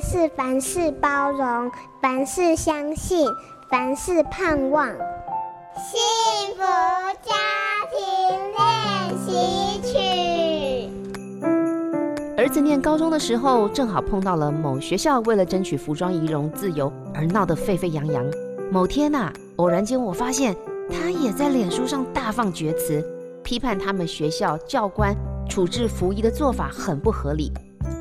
是凡事包容，凡事相信，凡事盼望。幸福家庭練習曲。兒子念高中的時候，正好碰到了某學校為了爭取服裝儀容自由而鬧得沸沸揚揚。某天吶、啊，偶然間我發現他也在臉書上大放厥詞，批判他們學校教官處置服儀的做法很不合理。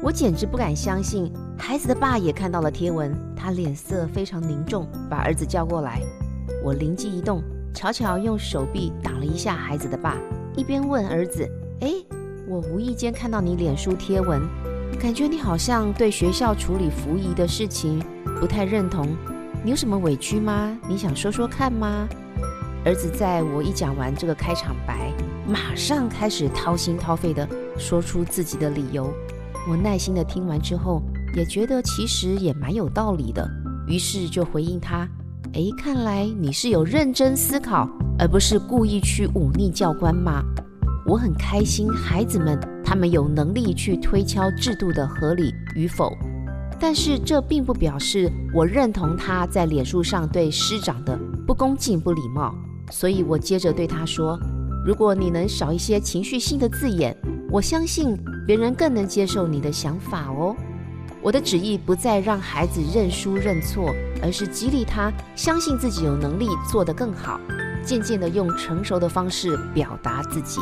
我簡直不敢相信，孩子的爸也看到了貼文，他臉色非常凝重，把兒子叫過來。我靈機一動，悄悄用手臂擋了一下孩子的爸，一邊問兒子：“哎，我無意間看到你臉書貼文，感覺你好像對學校處理服役的事情不太認同，你有什麼委屈嗎？你想說說看嗎？”兒子在我一講完這個開場白，馬上開始掏心掏肺地說出自己的理由。我耐心地聽完之後，也覺得其實也蠻有道理的，於是就回應他：“誒，看來你是有認真思考，而不是故意去忤逆教官嗎？我很開心，孩子們他們有能力去推敲制度的合理與否，但是這並不表示我認同他在臉書上對師長的不恭敬不禮貌。所以我接着對他說：如果你能少一些情緒性的字眼，我相信。”別人更能接受你的想法哦。我的旨意不再讓孩子認輸認錯，而是激勵他相信自己有能力做得更好，漸漸地用成熟的方式表達自己，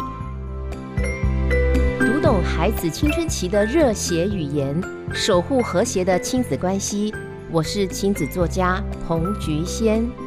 讀懂孩子青春期的熱血語言，守護和諧的親子關係。我是親子作家彭菊仙。